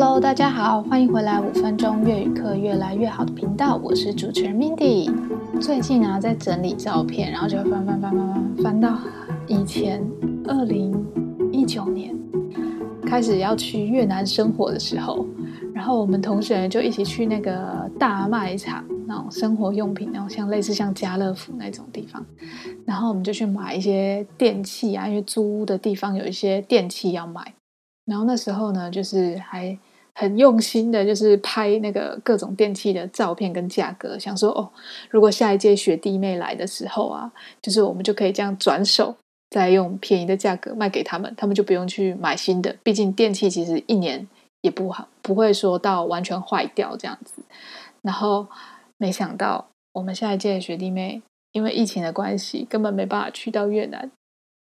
Hello，大家好，歡迎回來《五分鐘粵語課》越來越好的頻道，我是主持人 Mindy。最近啊，在整理照片，然後就翻翻翻翻翻翻到以前二零一九年開始要去越南生活的時候，然後我們同學就一起去那個大賣場，那種生活用品那種像類似像家樂福那種地方，然後我們就去買一些電器啊，因為租屋的地方有一些電器要買，然後那時候呢，就是還。很用心的，就是拍那個各種電器的照片跟價格，想說哦，如果下一屆學弟妹來的時候啊，就是我們就可以這樣轉手，再用便宜的價格賣給他們，他們就不用去買新的。畢竟電器其實一年也不好，不會說到完全壞掉這樣子。然後沒想到我們下一屆的學弟妹因為疫情的關係，根本沒辦法去到越南，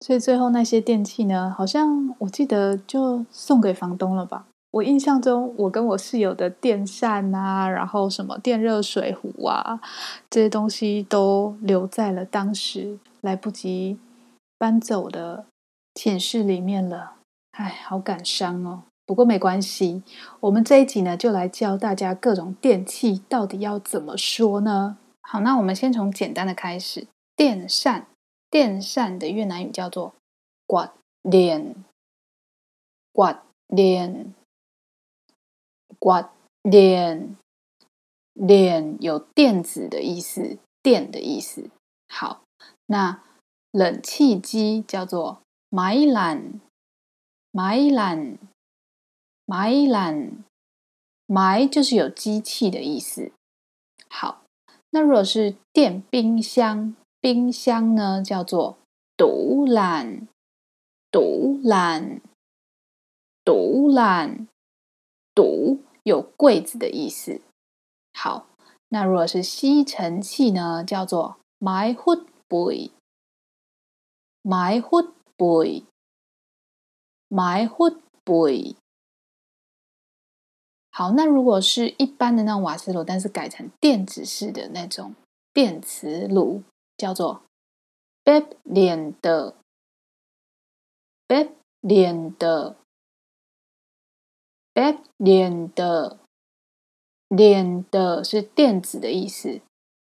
所以最後那些電器呢，好像我記得就送給房東了吧。我印象中，我跟我室友的電扇啊，然後什麼電熱水壺啊，這些東西都留在了當時來不及搬走的寢室裡面了。唉，好感傷哦。不過沒關係，我們這一集呢，就來教大家各種電器到底要怎麼說呢？好，那我們先從簡單的開始。電扇，電扇的越南語叫做 quạt điện，quạt điện。電電有電子的意思，電的意思。好，那冷氣機叫做買冷，買冷，買冷，買就是有機器的意思。好，那如果是電冰箱，冰箱呢，叫做杜冷，杜冷，杜冷，杜。有櫃子的意思。好，那如果是吸塵器呢？叫做 máy hút bụi，máy hút bụi，máy hút bụi。好，那如果是一般的那種瓦斯爐，但是改成電子式的那種電磁爐，叫做 bếp điện từ，bếp điện từ。b a d 點的，點的是電子的意思。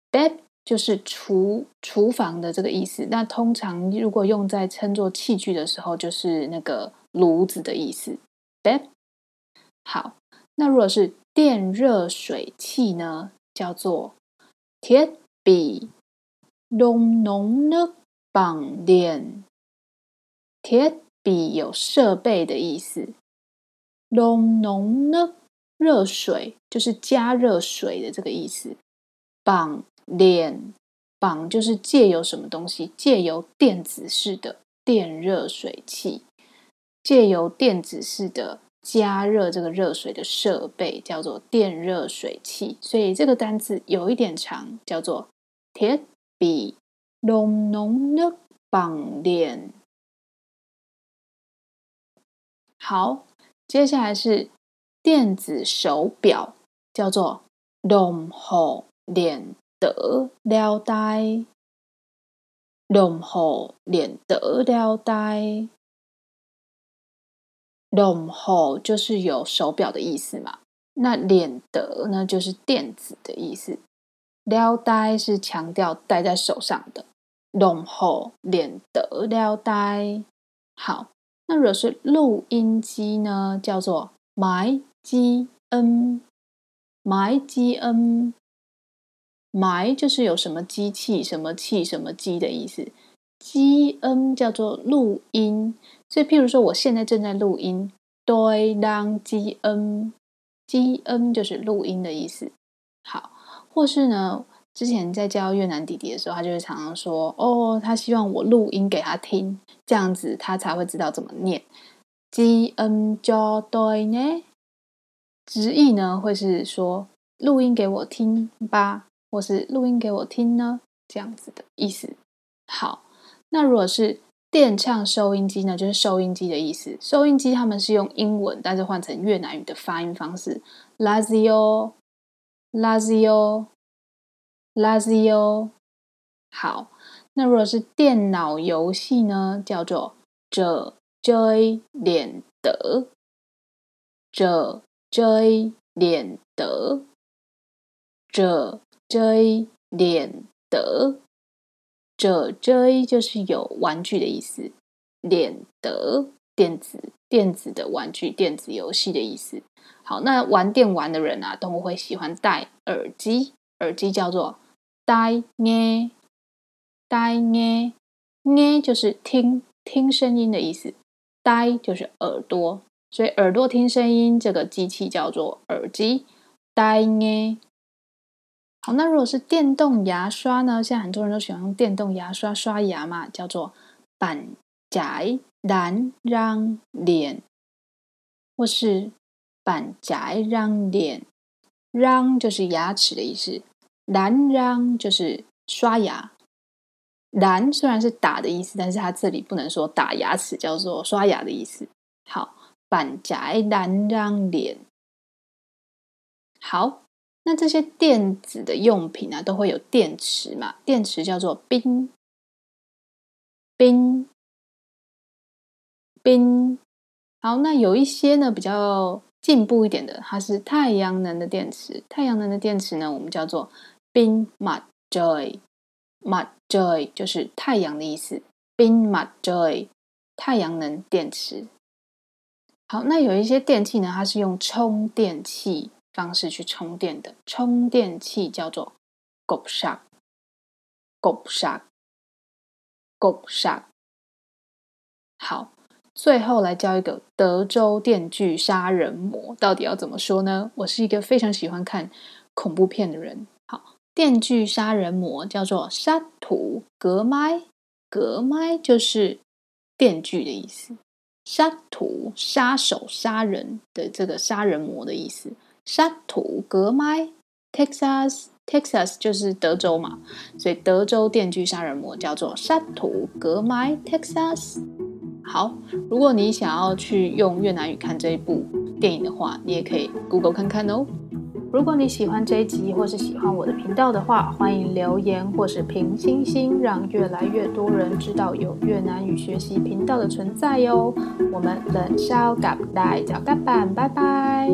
b a d 就是廚廚房的這個意思。那通常如果用在稱作器具的時候，就是那個爐子的意思。b a d 好，那如果是電熱水器呢，叫做鐵筆。濃濃的綁點，鐵筆有設備的意思。攏濃呢，熱水就是加熱水的這個意思。綁電，綁就是借由什麼東西，借由電子式的電熱水器，借由電子式的加熱這個熱水的設備叫做電熱水器。所以這個單字有一點長，叫做鐵筆攏濃呢綁電。好。接下來是電子手錶，叫做動後臉得了呆。動後臉得了呆。動後就是有手錶的意思嘛，那臉得呢就是電子的意思。了呆是強調戴在手上的。動後臉得了呆。好。那如果是錄音機呢，叫做 “máy ghi âm”，“máy ghi âm”，“máy” 就是有什麼機器、什麼器、什麼機的意思，“ghi âm” 叫做錄音。所以，譬如說，我現在正在錄音，“tôi đang ghi âm”，“ghi âm” 就是錄音的意思。好，或是呢？之前在教越南弟弟的時候，他就會常常說：“哦，他希望我錄音給他聽，這樣子他才會知道怎麼唸。” G N J O N 直譯呢會是說“錄音給我聽吧”或是“錄音給我聽呢”這樣子的意思。好，那如果是電唱收音機呢，就是收音機的意思。收音機他們是用英文，但是換成越南語的發音方式：L A Z I O，L A Z I O。lazy 哦，好，那如果是電腦遊戲呢？叫做 “trò chơi điện tử，trò chơi điện tử，trò chơi điện tử，trò chơi 就是有玩具的意思，điện tử 電子電子的玩具、電子遊戲的意思。好，那玩電玩的人啊，都會喜歡戴耳機，耳機叫做。呆呆呆呆呢就是聽聽聲音的意思，呆就是耳朵，所以耳朵聽聲音，這個機器叫做耳機。呆呢。好，那如果是電動牙刷呢？現在很多人都喜歡用電動牙刷刷牙嘛，叫做板窄、讓讓臉，或是板窄、讓臉，讓就是牙齒的意思。蘭讓就是刷牙，蘭雖然是打的意思，但是它這裡不能說打牙齒，叫做刷牙的意思。好，板夾蘭讓臉。好，那這些電子的用品呢、啊，都會有電池嘛？電池叫做冰，冰，冰。好，那有一些呢比較進步一點的，它是太陽能的電池。太陽能的電池呢，我們叫做。pin mặt trời mặt trời 就是太陽的意思。pin mặt trời 太陽能電池。好，那有一些電器呢，它是用充電器方式去充電的。充電器叫做 cục sạc cục sạc cục sạc。好，最後來教一個德州電鋸殺人魔到底要怎麼說呢？我是一個非常喜歡看恐怖片的人。電鋸殺人魔叫做 sát thủ cưa máy，cưa máy 就是電鋸的意思，sát thủ，殺手殺人的，這個殺人魔的意思，sát thủ cưa máy，Texas，Texas 就是德州嘛，所以德州電鋸殺人魔叫做 sát thủ cưa máy，Texas。好，如果你想要去用越南語看這一部電影的話，你也可以 Google 看看哦。如果你喜歡這一集，或是喜歡我的頻道的話，歡迎留言，或是評星星，讓越來越多人知道有越南語學習頻道的存在喲、哦。我們冷燒嘎不帶腳板，拜拜。